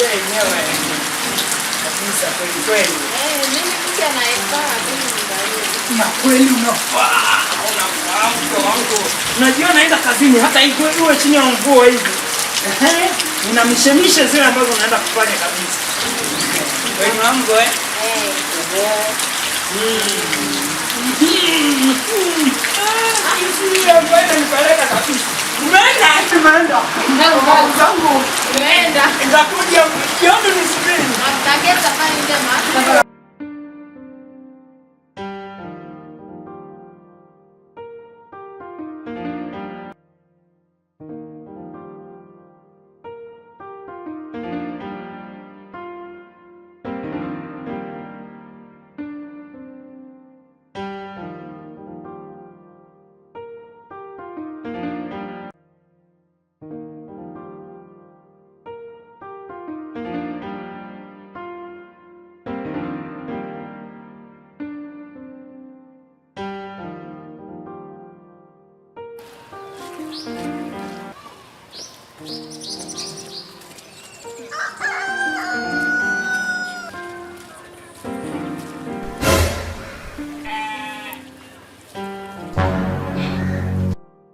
mazingira yenyewe kabisa kweli kweli. Eh, Na kweli unafaa, Unajua naenda kazini hata iwe chini ya mvua hivi unamshemishe zile ambazo unaenda kufanya kabisa. Kweli eh? Eh. Mm. Ah, zangu. está jioni mais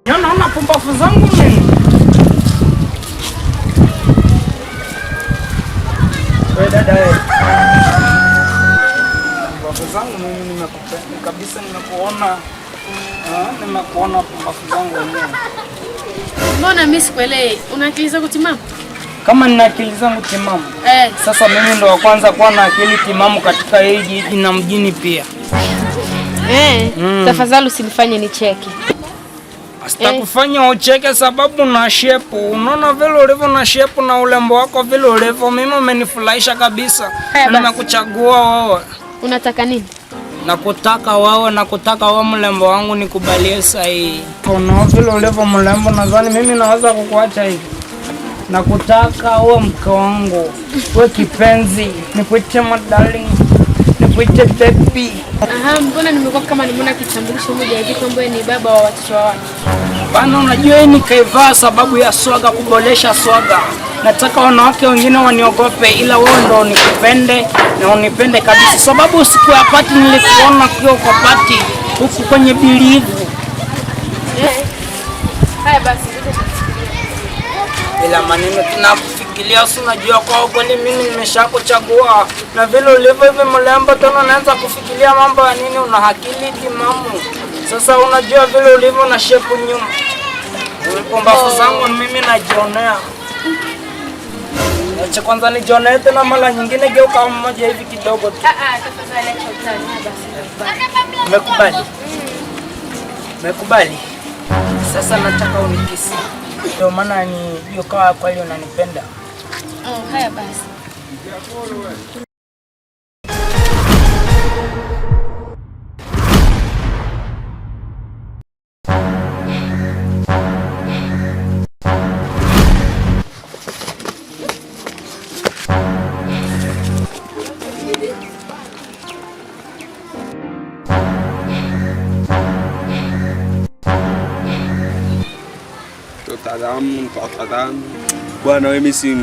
Naona pumbafu zangu mimi. Wewe dada wewe. Pumbafu zangu mimi nimekupenda kabisa nimekuona. Nimekuona pumbafu zangu wenyewe. Mbona mimi sikuelewi? Una akili za kutimamu? Kama nina akili zangu timamu eh. Sasa mimi ndo wa kwanza kuwa na akili timamu katika hii jiji na mjini pia eh. Mm. Tafadhali usinifanye nicheke. Sitakufanya eh, ucheke sababu na shepu. Unaona vile ulivyo na shepu na ulembo wako vile ulivyo, mimi umenifurahisha kabisa. Nimekuchagua wewe. Unataka nini? Nakutaka na kutaka wawe mlembo wangu, nikubalie sahihi. Kuna vile ulivyo mlembo, nadhani mimi naweza kukuacha hivi. kutaka uwe mke wangu, uwe kipenzi, nikuite my darling, nikuite baby. Aha, mbona nimekuwa kama nimeona kitambulisho moja hivi kwamba ni baba wa watoto wao. Bana, unajua hii nikaivaa sababu ya swaga, kuboresha swaga. Nataka wanawake wengine waniogope, ila wewe ndo nikupende na unipende kabisa, sababu siku ya pati nilikuona kio kwa pati huku kwenye bilivu. ila basi, bila maneno tunafikiria, si unajua kwa ukweli mimi nimeshakuchagua na vile ulivyo hivi mlembo, tena unaanza kufikiria mambo ya nini? Una akili timamu? Sasa unajua vile ulivyo na shepu nyuma, pumbafu oh. zangu mimi najionea. Acha kwanza nijionee tena mara nyingine, geuka mmoja hivi kidogo tu. Ah, ah, mekubali, mekubali. Sasa nataka unikisi, ndio maana ni hiyo. kwa hiyo unanipenda? Oh, haya basi. mtaalamu mtaalamu. Bwana wewe mimi si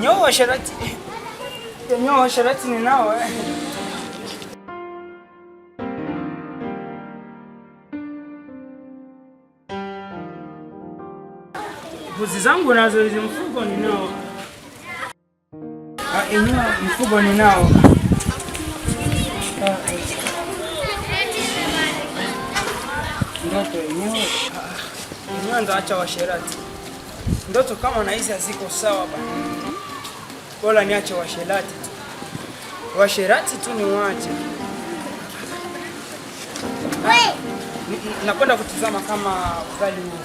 Nyoa washarati. Nyoa washarati ni nao eh. Mbuzi zangu nazo hizi mfugo ni nao. Ah, enyewe mfugo ni nao. Ndoto enyewe. Enyewe acha washarati. Ndoto kama na hizi haziko sawa bana. Bora niache washerati tu, washerati tu niwache. Nakwenda kutizama kama ugali huu